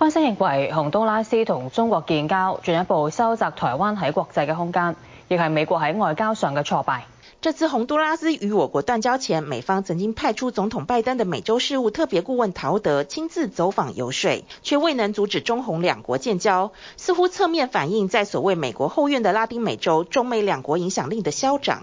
分析認為，洪都拉斯同中國建交，進一步收窄台灣喺國際嘅空間，亦係美國喺外交上嘅挫敗。這次洪都拉斯與我國斷交前，美方曾經派出總統拜登嘅美洲事務特別顧問陶德親自走訪遊說，卻未能阻止中洪兩國建交，似乎側面反映在所謂美國後院的拉丁美洲，中美兩國影響力的消長。